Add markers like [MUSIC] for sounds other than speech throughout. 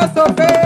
Abrazo, Fe.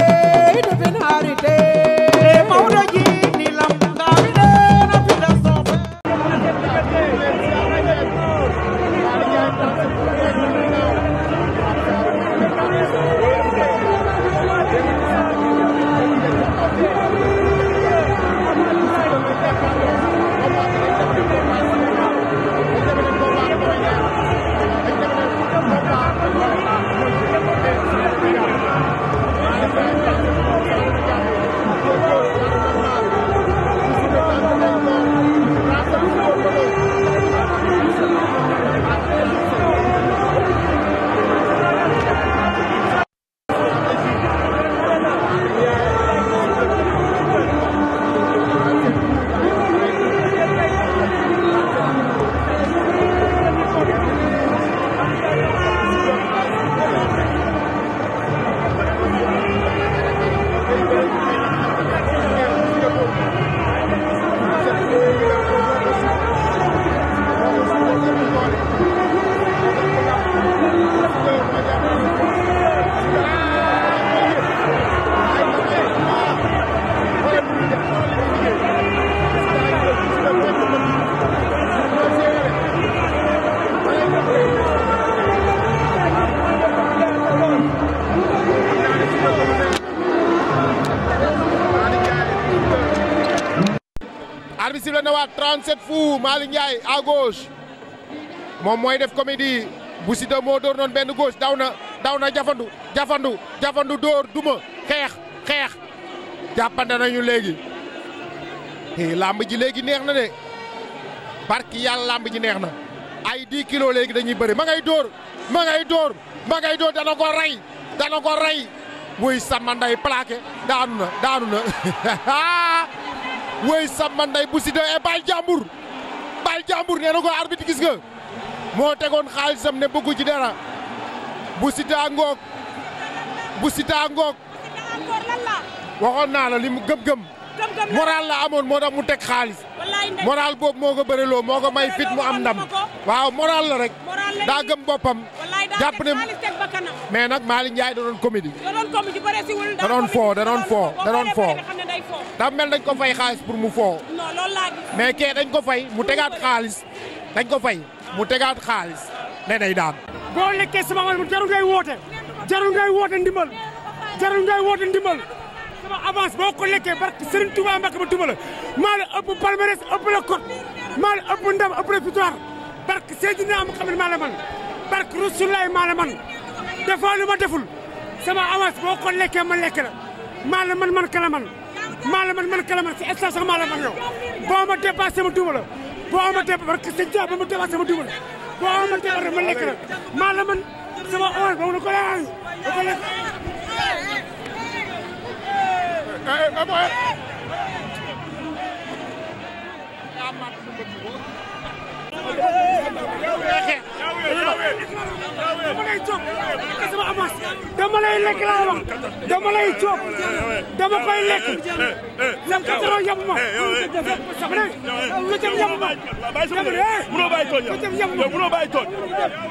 coup Malick Ndiaye à gauche moom mooy def comédie bu Siteu moo dóor noonu benn gauche daw na daw na jafandu jafandu jafandu dóor duma xeex xeex jàppante nañu léegi làmb ji léegi neex na de barki yàlla làmb ji neex na ay di kilo léegi dañuy bëri ma ngay dóor ma ngay dóor dana ko ray dana ko ray woy sama nday plaqué daanu na daanu na [LAUGHS] woy sama nday bu Siteu eh, bal jàmbur nee na ko arbitre gis nga moo tegoon xaalisam ne bëggu ci dara bu Siteu ngoog bu Siteu ngoog waxoon naa la li mu gëm-gëm moral la amoon moo tax mu teg xaalis moral boobu moo ko bëreloo moo ko may fit mu am ndam waaw moral la rek daa gëm boppam jàpp ne mais nag Malick Ndiaye da doon comédie da doon foo da doon foo da doon foo dafa mel dañ ko fay xaalis pour mu foo mais kee dañ ko fay mu tegaat xaalis dañ ko fay mu tegaat xaalis ne day daan boo lekkee sama mu jarul ngay woote jarul ngay woote ndimbal jarul ngay woote ndimbal sama avance boo ko lekkee barke Serigne Touba Mbacke ba Touba la maa la ëpp palmarès ëpp la kot maa la ëpp ndam ëpp la victoire barke Seydina Mouhamed maa la man barke Rasulaay maa la man defoo ma deful sama avance boo ko ma lekk la maa la man man kala man maa la man man kala si instant la man yow boo ma dépassé ma Touba boo ma dépassé barke Sëñ Touba ma dépassé ma Touba boo ma dépassé ma lekk la maa la man sama avance boobu la ko laaj Hey, hey, hey, hey. dama lay lekk laa wax dama lay coob dama koy lekk lam kataro yab ma sabne lu jëm yab ma mënoo bàyyi tooñ lu ma mënoo bàyyi tooñ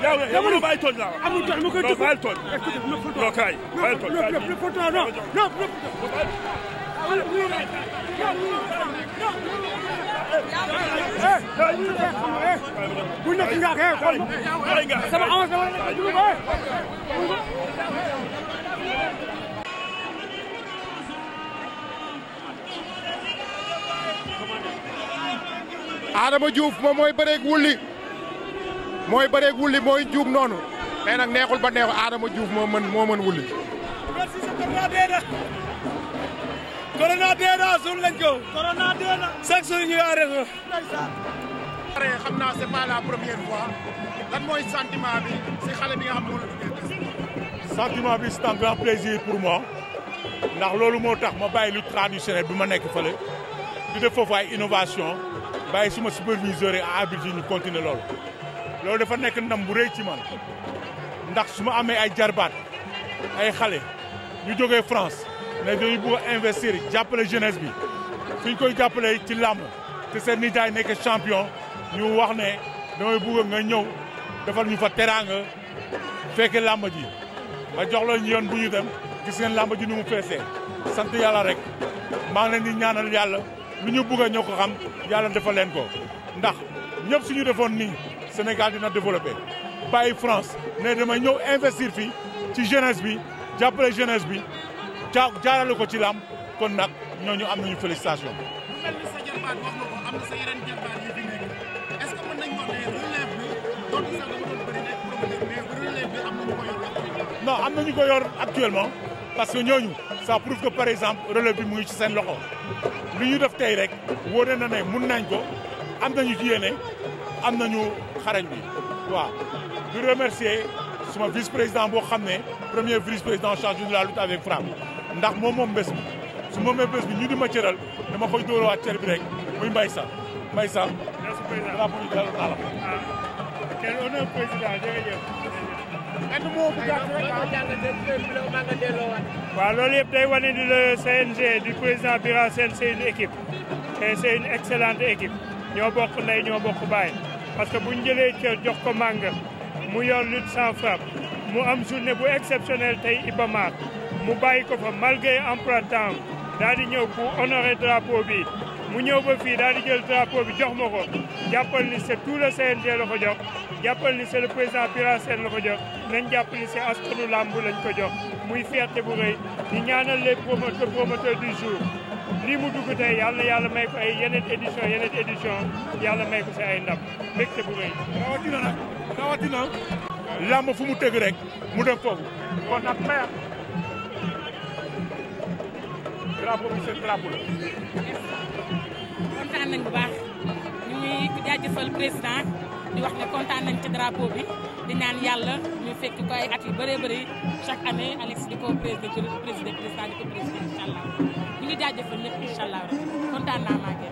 yow yow mënoo bàyyi tooñ laa amul tooñ ma koy dugg bàyyi tooñ non kaay bàyyi bu nekk nga xeex Adama Diouf mooy bëreeg wulli mooy bëreeg wulli mooy juum noonu mais neexul ba neexul Adama Diouf moo mën moo mën wulli corona dee na suul lañ ko. corona dee na. chaque jour ñu arrêté. xam naa c'est pas la première fois lan mooy sentiment bi si xale bi nga xam ne sentiment bi c'est un grand plaisir pour moi ndax loolu moo tax ma bàyyi lu traditionnel bi ma nekk fële di def foofu ay innovation bàyyi suma superviseur yi à Abidjan ñu continuer loolu. loolu dafa nekk ndam bu rëy ci man ndax su ma amee ay jarbaat ay xale ñu jógee France. mais dañu bëgg a investir jàppale jeunesse bi fi koy jàppale ci làmb te seen nijaay nekk champiyon ñu wax ne damay bëgg nga ñëw defal ñu fa teraanga fekke làmb ji ma jox la yoon bu ñu dem gis ngeen làmb ji nu mu feesee sant yàlla rek maa ngi leen di ñaanal yàlla lu ñu bëgg a ko xam yàlla defal leen ko ndax ñëpp suñu defoon nii Sénégal na développé bàyyi France ne damay ñëw investir fii ci jeunesse bi jàppale jeunesse bi jaa jaarale ko ci làmb kon nag ñooñu am nañu félicitation. mu mel ni sa jërbaat wax nga ko am na sa yeneen jërbaat yu fi nekk est ce que mën ne relève bi doon sax dafa doon ñu ko yor actuellement. non am na ko yor actuellement parce que ñooñu ça prouve que par exemple relève bi mu ngi ci seen loxo li ñu def tey rek wóore na ne mun nañ ko am nañu ci yéene am nañu xarañ bi waaw di remercier suma vice président boo xam ne premier vice président chargé de la lutte avec frappe. ndax moom moom bés bi su moomee bés bi ñu di ma cëral dama koy dóorawaat cër bi rek muy Mbaye Sall Mbaye Sall. merci président ah, président jërëjëf. benn mot bu gàtt rek ah. waaw loolu yëpp day wane ni le CNG du président Bira Sène c'est une équipe. et c'est une excellente équipe. ñoo bokk ndey baay. parce que bu ñu jëlee cër jox ko màng mu yor lutte sans frappe mu am journée bu exceptionnelle tey Iba Mar mu bàyyi fa malgré emploi temps daal ñëw pour honorer drapeau bi mu ñëw ba fii daal di jël drapeau bi jox ma ko jàppal ni se tout le CNG la ko jox jàppal ni c'est le président Pira Sène la ko jox nañ jàpp ni c'est askanu làmb lañ ko jox muy fierté bu rëy di ñaanal les promoteurs promoteurs du jour lii mu dugg tey yàlla yàlla may ko ay yeneen édition yeneen édition yàlla may ko si ay ndam mbégte bu rëy rawatina nag rawatina làmb fu mu tëgg rek mu dem foofu kon nag drapeau bi la. kontaan nañ bu baax ñu ngi jaajëfal président di wax ne kontaan nañ ci drapeau bi di naan yàlla ñu fekk ko ay at yu bëree bëri chaque année Alex di ko président président président di ko président incha ñu ngi jaajëfal ñëpp incha allah kontaan naa maa ngi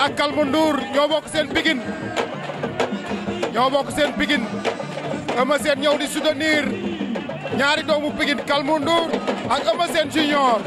ak Kalmu Ndour ñoo bokk seen Pikine ñoo bokk seen Pikine Eumeu Sène ñëw di soutenir ñaari doomu Pikine Kalmu Ndour ak Eumeu Sène Junior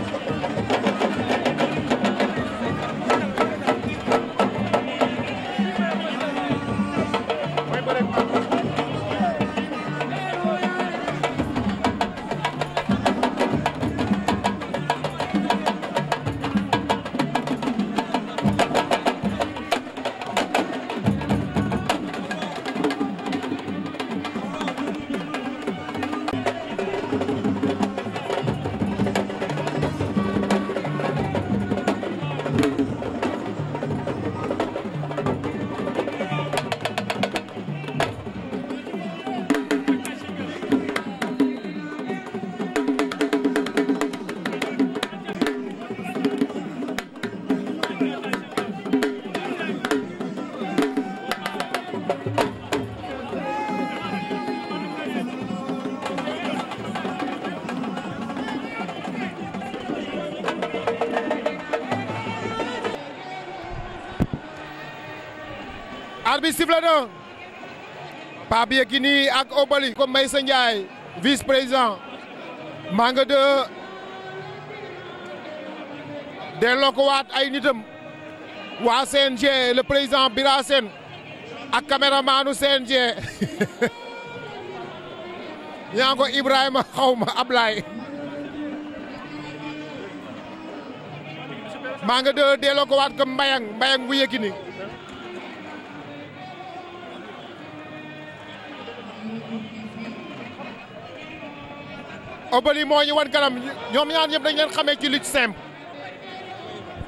arbitre sifflé na Pape Yekini ak Obali ko Maysa Ndiaye vice président Manga 2 delloo ko waat ay nitam waa CNG le président Bira Sène ak caméramanu CNG ñaa [LAUGHS] ko Ibrahima xawma Ablaye maa 2 delloo ko waat ko Mbayang Mbayang bu Yekini Obeuly moo ñu wan kanam ñoom ñaar ñëpp dañ leen xamee ci lutte simple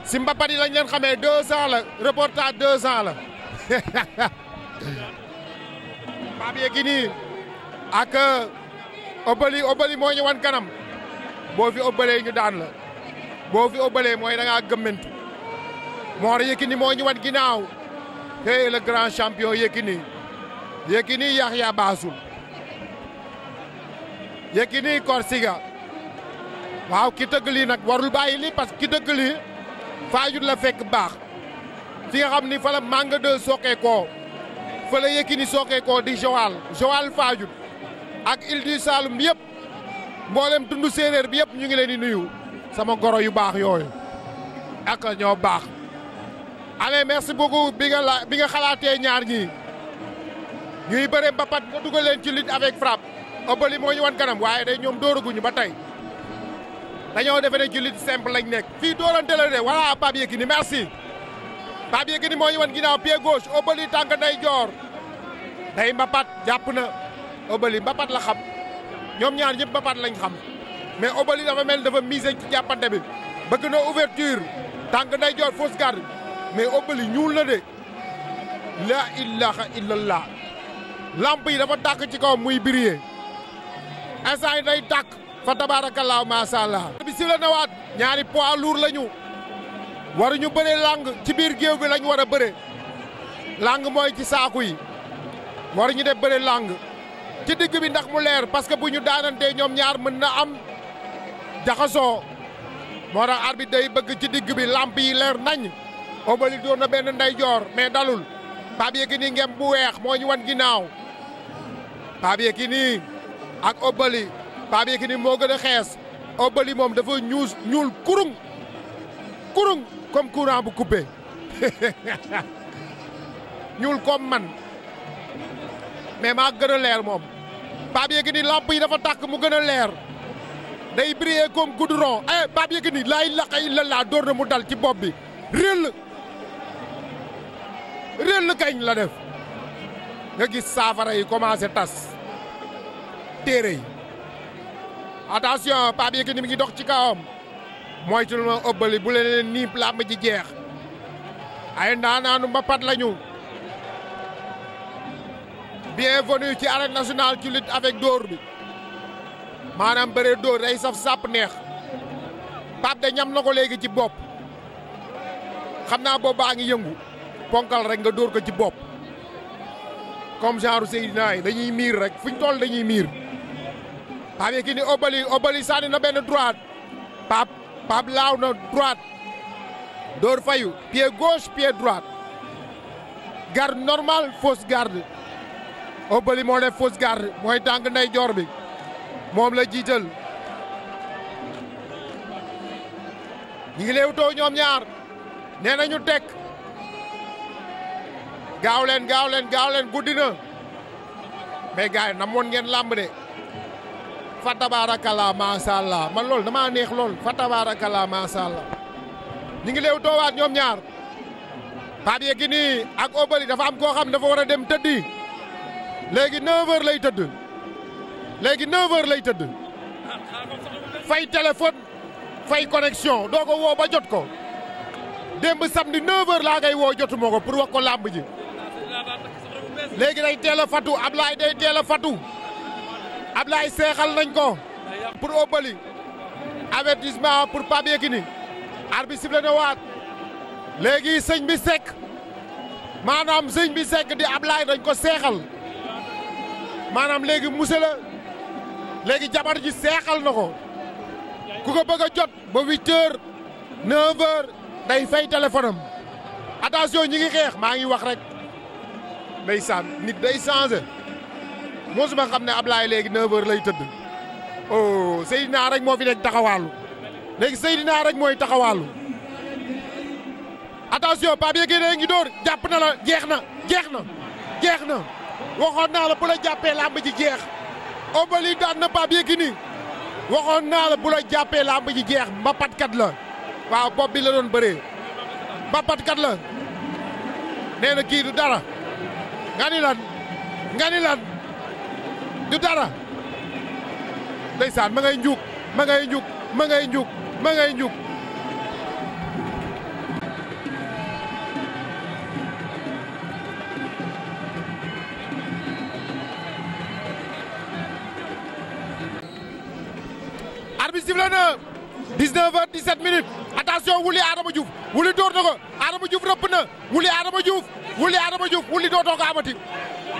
si mbapat yi lañ leen xamee deux ans la reportage deux ans la [LAUGHS] Pape Yékini ak Obeuly Obeuly moo ñu wan kanam boo fi ñu daan la boo fi mooy da ngaa gëmmentu Mor Yékini moo ñu wan ginnaaw hey le grand champion Yékini Yékini Yaxya Baasul Yékini Korsiga waaw ki tëgg lii nag warul bàyyi lii parce que ki tëgg lii faajut la fekk baax fi nga xam ni fa màng Manga 2 sookee koo fa la Yékini sookee koo di Joal Joal faajut ak Île du Saloum yëpp mboolem tundu séeréer bi yëpp ñu ngi leen di nuyu sama goro yu baax yooyu ak ñoo baax allez merci beaucoup bi nga bi nga xalaatee ñaar ñii ñuy bëre mbapat nga dugal leen ci lutte avec frappe ëbbali moo ñu wan kanam waaye day ñoom dóoraguñu ba tey dañoo defe ne jullit simple lañ nekk fii dóorante la de voilà Pape Yekini merci Pape Yekini moo ñu wan ginnaaw pied gauche ëbbali tànk nday joor day mbapat jàpp na ëbbali mbapat la xam ñoom ñaar ñëpp mbapat lañ xam mais ëbbali dafa mel dafa mise ci jàppante bi bëgg na ouverture tànk day joor fausse garde mais ëbbali ñuul de la ilaha illallah lamp yi dafa tàkk ci kaw muy briller instant yi day tàkk fa tabaarakallaahu macha allah. bi si la nawaat ñaari poids lourd la ñu waruñu làng ci biir géew bi lañ war a bëre lang mooy ci saaku yi ñu def bëre lang ci digg bi ndax mu leer parce que bu ñu daanantee ñoom ñaar mën na am jaxasoo moo tax arbitre day bëgg ci digg bi lamp yi leer nañ Obali na benn ndeyjoor mais dalul Pape Yékini ngem bu weex moo ñu wan ginnaaw Pape Yékini ak Obali Pape Yékini moo gën a xees Obali moom dafa ñuus ñuul kurung kurung comme courant bu coupé [LAUGHS] ñuul comme man mais maa gën a leer moom Pape ni lamp yi dafa tàkk mu gën a leer day briller comme goudron eh Pape Yékini laay laqay la laa dóor na mu dal ci bopp bi réll réll kañ la def nga gis saafara yi commencé tas téere yi attention Pape Yékini mi ngi dox ci kawam moytul ma ëbbali bu leen nii làmb ci jeex ay ndaanaanu mbapat lañu bienvenue ci arène nationale ci lutte avec dóor bi maanaam bëre dóor day saf sàpp neex Pape de ñam na ko léegi ci bopp xam naa boobu baa ngi yëngu ponkal rek nga dóor ko ci bopp comme genre Seydina yi dañuy miir rek fuñ toll dañuy miir. Pape ni Obali Obali sànni na benn droite Pape Pape laaw na droite Dóor fayu pied gauche pied droite garde normal fausse garde Obali moo def fausse garde mooy tànk ndeyjoor bi moom la jiital ñi ngi leewtoo ñoom ñaar nee nañu tekk gaaw leen gaaw leen gaaw leen guddi na mais gars yi namoon ngeen làmb de. fa tabaarakallaa allah man loolu damaa neex lool fa tabaarakallaa ngi leew toowaat ñoom ñaar Pape dafa am koo xam dafa war a dem tëddi léegi 9 lay tëdd léegi 9 lay tëdd fay téléphone fay connexion doo ko woo ba jot ko démb samedi 9h laa koy woo jotuma ko pour wax ko làmb ji léegi day teel a fatu Ablaye day teel a fatu. Ablaye seexal nañ ko pour Obali avertissement pour Pape Yekini arbitre sifflé na waat léegi sëñ bi sekk maanaam sëñ bi sekk di Ablaye dañ ko seexal maanaam léegi muse la léegi jabar ji seexal na ko ku ko bëgg a jot ba huit heures day fay téléphone am attention ñi ngi xeex maa ngi wax rek ndeysaan nit day changé mosuma xam ne Ablaye léegi 9h lay tëdd oh Seydina rek moo fi nekk taxawaalu léegi Seydina rek mooy taxawaalu attention Pape Yékini ngi dóor jàpp na la jeex na jeex na jeex na waxoon naa la bu la jàppee làmb ji jeex Obali daan na Pape Yékini waxoon naa la bu la jàppee làmb ji jeex mbapatkat la waaw bopp bi la doon bëree mbapatkat la nee na kii dara nga lan nga lan. du dara ndeysaan ma ngay njuk ma ngay njuk ma ngay njuk ma ngay njuk arbitre sifflé na 19 heures 17 minutes attention wuli Adama Diouf wuli door na ko Adama Diouf rëpp na wuli Adama Diouf wuli Adama dootoo ko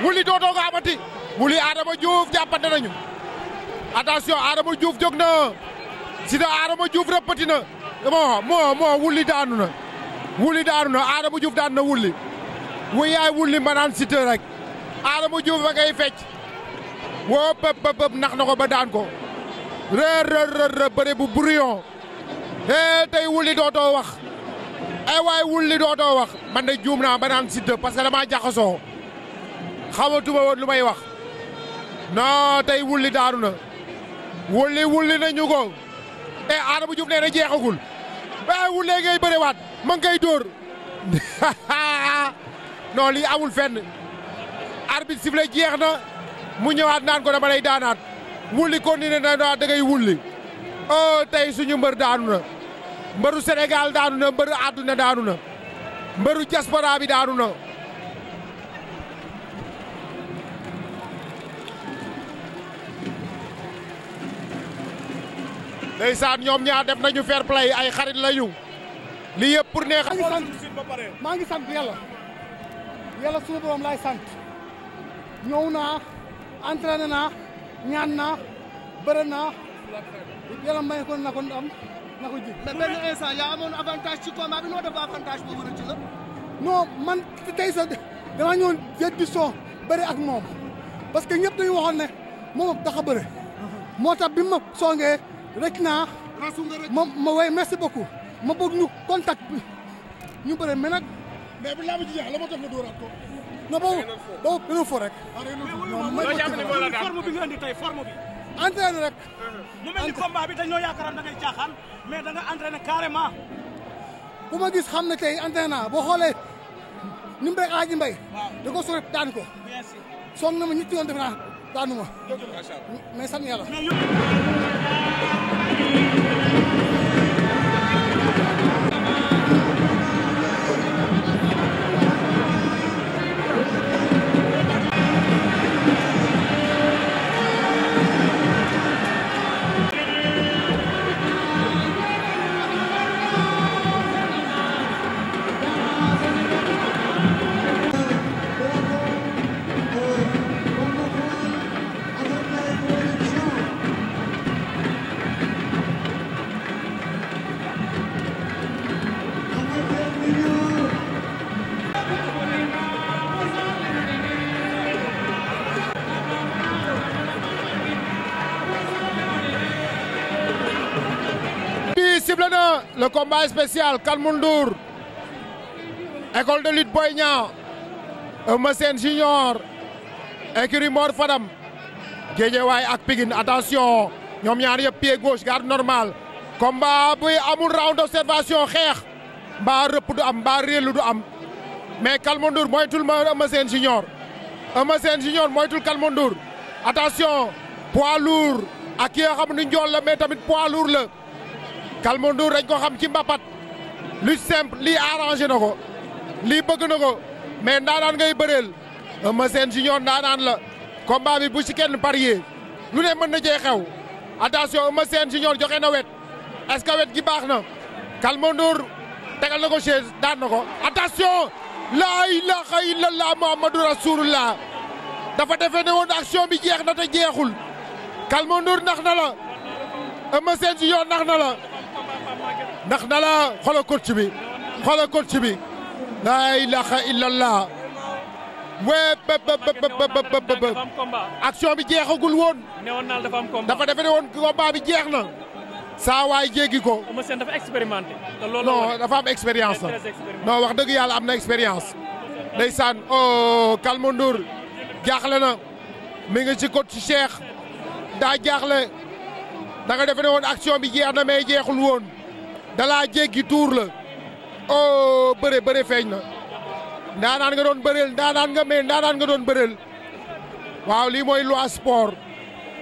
wuli dootoo ko amati wuli Adama Diouf jàppante nañu attention Adama Diouf jóg na Siteu Adama Diouf rëppati na moo moo moo wuli daanu na wuli daanu na Adama Diouf daan na wuli wu yaay wuli ma naan Siteu rek Adama Diouf ba fecc woo pëp nax na ko ba daan ko rër rër rër bëre bu hee tey wuli dootoo wax ay waay wuli dootoo wax man de juum naa ba naan Siteu parce que damaa jaxasoo xamatuma woon lu may wax non tey wulli daanu na wulli wulli nañu ko e Adama Diouf nee na jeexagul waaye eh, wullee ngay bëriwaat ma ngay dóor [LAUGHS] non lii amul fenn arbitre sifflé jeex na mu ñëwaat naan ko dama lay daanaat wulli continué na da ngay wulli oh tey suñu mbër daanu na mbëru Sénégal daanu na mbëru àdduna daanu na mbëru diaspora bi daanu na ndeysaan ñoom ñaar def nañu fair play ay xarit lañu li yëpp pour neex. maa ngi sant yàlla yàlla suñu borom laay sant ñëw naa entraîné naa ñaan naa bëre naa yàlla may ko na ko am ko ji. mais benn instant amoon avantage ci combat bi noo def avantage boobu man tey sax damaa ñëwoon jël du son ak moom parce que ñëpp dañu waxoon ne moom dafa bëre uh-huh. moo tax bi ma songee. rek naa ma ma way merci beaucoup ma bëgg ñu contact ñu bëre mais nag. mais bi laa ma ci jeex la ma def nga dóoraat ko. na boobu boobu beneen fo rek. Ah, non mooy forme bi nga indi tey forme bi. entraîné rek. Uh-huh. mu mel ni combat bi dañoo yaakaaroon da ngay caaxaan mais da nga entraîné carrément. bu ma gis xam ne tey entraîné naa boo xoolee ni mu bay aaji mbay. da ko sori daan ko. soog na ma ñu yoon def naa daanu ma. mais sant yàlla. le combat spécial Kalmundour école de lutte Boy Niang Eumeu Sène junior écurie Mor Fadam Guédiawaye ak Pikine attention ñoom ñaar yëpp pied gauche garde normal combat buy amul round d'observation xeex mbaa rëpp du am mbaa réelu du am mais Kalmundour moytul ma Eumeu Sène junior Eumeu Sène junior moytul Kalmundour attention poids lourd ak ki nga xam la mais tamit poids lourd la Calme Ndour dañ ko xam ci mbapat lu simple lii arrangé na ko lii bëgg na ko mais ndaanaan ngay bëreel Eumeu Sène junior ndaanaan la combat bi bu ci kenn parier lu ne mën na jee xew attention Eumeu Sène junior joxe na wet est wet gi baax na Calme Ndour tegal na ko chaise daan na ko attention la ilaha illallah muhammadu rasulullah dafa defee ne woon action bi jeex na te jeexul Calme nax na la Eumeu Sène junior nax na la ndax dala xoolal coach bi xoolal coach bi laa ilaha illallah wee ba action bi jeexagul woon. newoon dafa am combat dafa defe ne woon combat bi jeex na. saa waay jéggi ko. Eumeu Sène dafa expérimenté. te am expérience la. non wax dëgg yàlla am na expérience. ndeysaan oh Calme jaaxle na mi nga ci coach Cheikh daa jaaxle danga nga defe ne woon action bi jeex na mais jeexul woon. dalaa jéggi tuur la oh bëre bëre feeñ na ndaanaan nga doon bëreel ndaanaan nga mais ndaanaan nga doon bëreel waaw lii mooy loi sport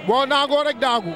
boo naagoo rek daagu.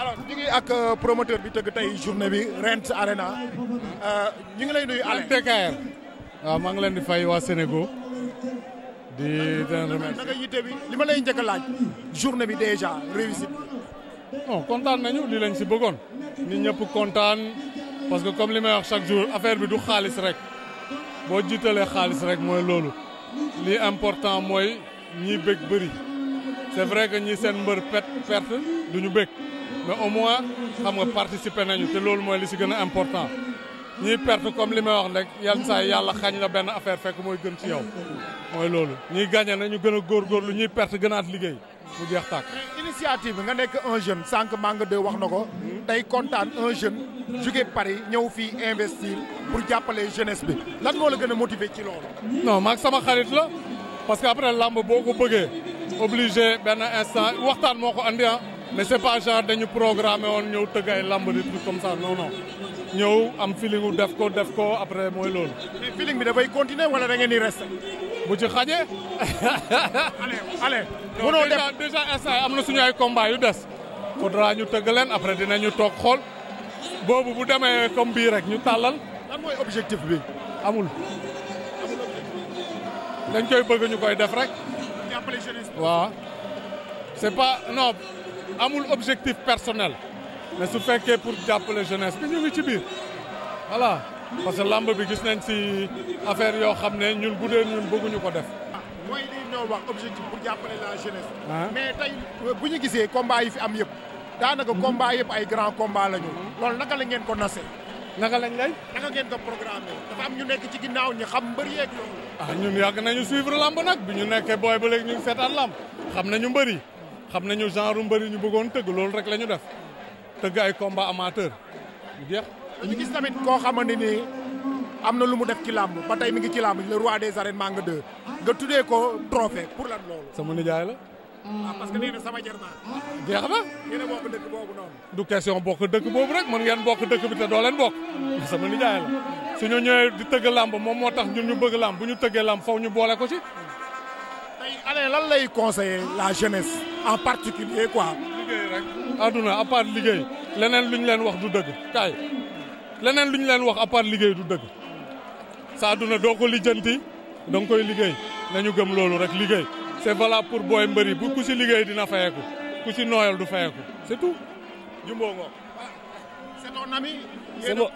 alors ak euh, promoteur bi tëgg tey journée bi Rent Arena euh, ñu ngi lay nuyu Alain DKR waaw maa ngi leen di fay waa Sénégal di leen remercier naka yitte bi li ma lay njëkk laaj journée bi déjà réussite bi bon kontaan nañu li lañ si bëggoon nit ñëpp kontaan parce que comme li may wax chaque jour affaire bi du xaalis rek boo jiitalee xaalis rek mooy loolu li important mooy ñi bëgg bëri c'est vrai que ñi seen mbër pet perte du ñu bëgg mais au xam nga participer nañu te loolu mooy li si gën a important ñiy perte comme li may wax rek yan saa yàlla xañ la benn affaire fekk mooy gën ci yow mooy loolu ñiy gagné nañu gën a góor góorgóorlu ñiy perte gënaat liggéey mu jeex tàkk. initiative nga nekk un jeune sànq Manga 2 wax na ko tey kontaan un jeune jóge Paris ñëw fii investi pour jàppale jenes bi lan moo la gën a motiver ci loolu. non maag la boo ko bëggee. obligé benn instant waxtaan moo ko andi ah mais c'est pas genre dañu programmé woon ñëw tëgg ay lamb des trucs comme ça non non ñëw am feeling wu def ko def ko après mooy loolu. mais feeling bi dafay continuer wala da ngeen res rester. bu ci xaje allez allez. munoo def déjà instant yi am na suñu ay combat yu des. faudra ñu tëgg leen après ñu toog xool boobu bu demee comme bii rek ñu tàllal. lan objectif bi amul. koy bëgg ñu koy def rek. jàppale jeunesse waaw c'est pas non amul objectif personnel mais su fekkee pour jàppale jeunesse bi ñu ci biir voilà parce que lamb bi gis nañ si affaire yoo xam ne ñun bu dee bëgguñu ko def. mooy li ñoo wax objectif pour jàppale la jeunesse. Ah. mais tey bu ñu gisee combat yi fi am yëpp. daanaka combat yëpp ay grand combat la ñu. loolu naka la ngeen ko nasee. naka lañ lay. naka ngeen ko programme dafa am ñu nekk ci ginnaaw ñu xam mbër yeeg loolu. ah ñun yàgg nañu suivre lamb nag bi ñu nekkee booy ba léegi ñu ngi seetaan lamb xam nañu mbëri xam nañu genre mbëri ñu bëggoon tëgg loolu rek la ñu def tëgg ay combat amateur ñu ñu gis tamit koo xamante ni am na lu mu def ci lamb ba tey mi ngi ci lamb le roi des arènes Manga 2 nga tuddee ko trophée pour lan loolu. sama nijaay la. waaw ah, sama jarbaat. jeex a bokk dëkk du question bokk dëkk boobu rek mën ngeen bokk dëkk bi te doo leen bokk. sama nijaay la su ñu di tëgg làmb moom moo tax ñun ñu bëgg làmb bu ñu tëggee làmb faw ñu boole ko ci. tey Alain lan lay conseiller la jeunesse en particulier quoi. liggéey rek àdduna à liggéey leneen lu ñu leen wax du dëgg kaay leneen lu ñu leen wax à liggéey du dëgg sa àdduna doo ko lijjanti da nga koy liggéey nañu gëm loolu rek liggéey. c'est valable pour booy mbëri bu ku si liggéey dina fayeku ku si nooyal du fayeku c'est tout. Jumbo Ngor. c'est ton ami. c'est mon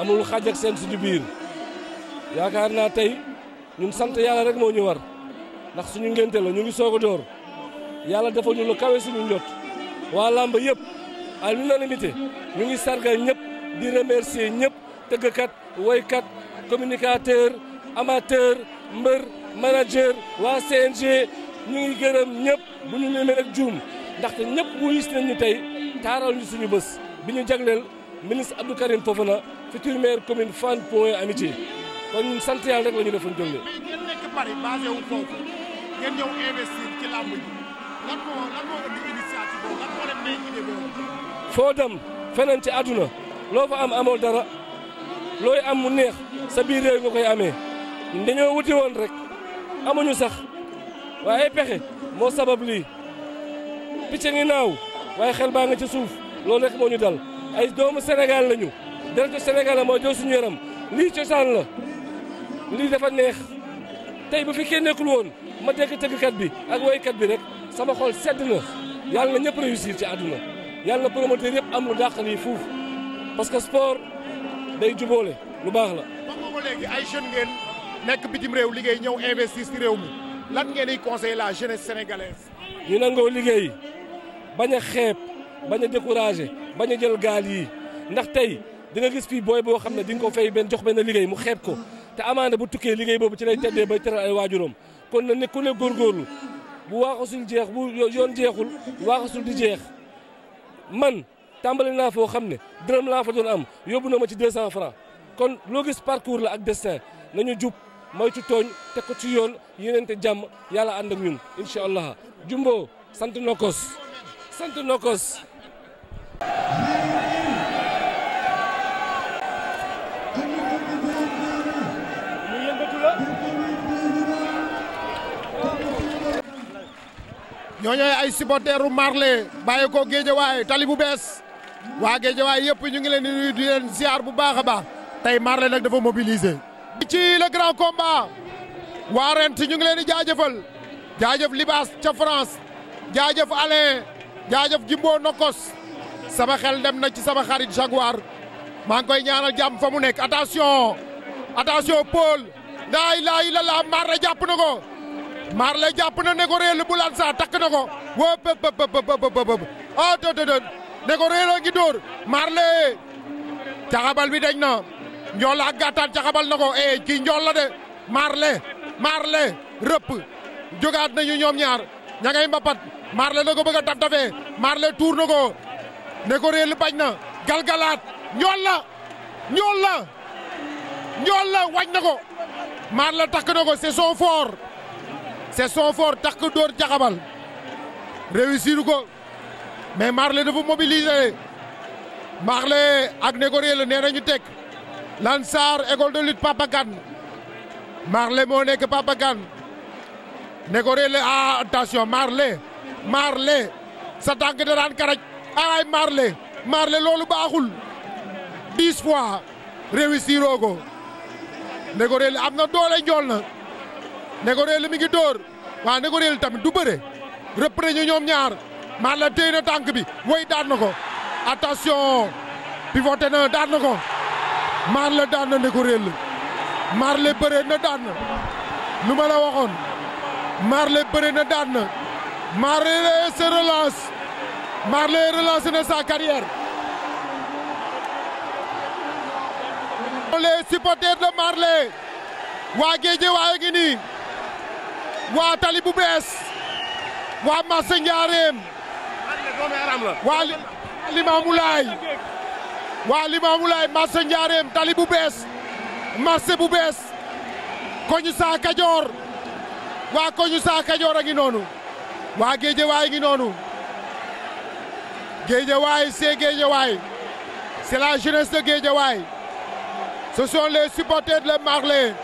amul xaj seen si biir. yaakaar naa tey ñun sant yàlla rek moo ñu war ndax suñu ngénte la ñu ngi soog a yàlla defal ñu lu kawe suñu njot waa làmb yëpp à l'unanimité ñu ngi sargal ñëpp di remercier ñëpp tëggkat woykat communicateur. amateur mbër manager waa CNG ñu ngi gërëm ñëpp bu ñu limee rek juum ndaxte ñëpp wuyus nañ ñu tey taaral ñu suñu bës bi ñu jagleel ministre Abdou Karim Fofana futur maire commune Fann Point Amitié kon ñun sant yàlla rek ñu defoon jógee. mais ngeen nekk Paris basé ci làmb ji lan moo lan moo indi foo dem feneen ci àdduna loo fa am amool dara looy am mu neex sa biir réew nga koy amee. ñun dañoo wuti woon rek amuñu sax waaye pexe moo sabab lii picc ngi naaw waaye xel baa nga ca suuf loolu rek moo ñu dal ay doomu Sénégal lañu deretu Sénégal la moo jël suñu yaram lii cosaan la lii dafa neex tey bu fi kenn nekkul woon ma dégg tëggkat bi ak woykat bi rek sama xol sedd na yàlla na ñëpp réussir ci àdduna yàlla na promoteur yëpp am lu dàq lii fuuf parce que sport day juboole lu baax la. ba léegi ay jeunes ngeen. nekk bitim réew liggéey ñëw investir si réew mi lan ngeen di conseiller la jeunesse sénégalaise. ñu nangoo liggéey bañ a xeeb bañ a découragé bañ jël gaal yi ndax tey di nga gis fii booy boo xam ne di ko fay benn jox benn liggéey mu xeeb ko te amaana bu tukkee liggéey boobu ci lay teddee bay teral ay waajuram kon na ne góor ne góorgóorlu bu waaxasul jeex bu yoon jeexul waaxasul di jeex man tàmbali naa foo xam ne dërëm laa fa doon am yóbbu na ma ci 200 francs kon loo gis parcours la ak destin nañu jub moytu tooñ teg ko ci yoon yéeneente jàmm yàlla ànd ñun incha allah jumbo sant nokos sant nokos ñooñooy ay supporteru Marley bàyyi ko géejawaay tali bu bees waa géejawaay yëpp ñu ngi leen di nuyu bu baax a baax tey Marley nag dafa mobiliser ci le grand combat waa Rent ñu ngi leen di jaajëfal jaajëf Libaas ca France jaajëf Alain jaajëf Jimbo Nokos sama xel dem na ci sama xarit Jaguar maa ngi koy ñaanal jàmm fa mu nekk attention attention Paul laa ilaaha illallaah Marley jàpp na ko Marley jàpp na ne ko réel bu lan saa takk na ko wóo bëb bëb bëb bëb ah déedéet ne ko réeloo ngi dóor Marley taxabal bi dañ na. njool ak gàttaan ca xabal na ko eh kii njool la de marle marle rëpp jógaat nañu ñoom ñaar ña ngay mbapat marle na ko bëgg a taf tafee marle tuur na ko ne ko réel na galgalaat njool la njool la njool la wañ na ko marle takk na ko c'est son fort c'est son fort takk dóor jaxabal réussir ko mais marle dafa mobiliser marle ak ne ko réel nee nañu teg Lansar école de lutte Papa Kane moo nekk Papa Kane Négory la ah attention Marley Marley sa tànk da daan karaj marle marle Marley loolu baaxul dix fois réussir ko Négory la am na doole njool na Négory la mi ngi dóor waa ko la tamit du bëre reprendre ñu ñaar Marley téy na tànk bi way daan na ko attention pivoté na daan na ko. Marley daan na ne ko réel Marley bëree na daan na lu ma la waxoon Marley bëree na daan na Marley se relance Marley relance na sa carrière. les supporters de Marley waa Géeje waaye ngi nii waa Tali bees waa Marché Ndiarème waa Limaamu Laay waa Limamoulaye marché Njaareem tali bu bees marché bu bees koñu saa Kajoor waa koñu saa Kajoor a ngi noonu waa Géejawaay ngi noonu Géejawaay c'est Géejawaay c'est la jeunesse de Géejawaay ce sont les supporters de Marley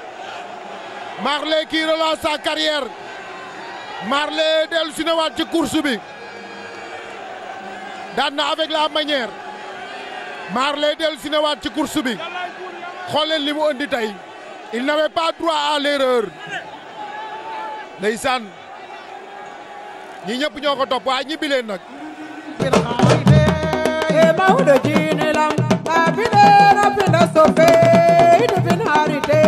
Marley qui si na waat ci course bi daan na avec la manière maar lay dellu si newaat ci course bi xool li mu andi tey il n'avait pas droit à l'erreur ndeysaan ñi ñëpp ñoo ko topp waaye ñibbi leen nag eh, mawɗo jiinilam abiɗe rabbina sofe idu bin harite